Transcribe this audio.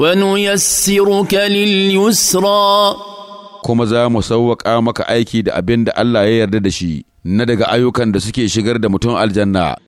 ونيسرك لليسرى kuma za mu sauwaƙa maka aiki da abin da Allah ya yarda da shi na daga ayyukan da suke shigar da mutum aljanna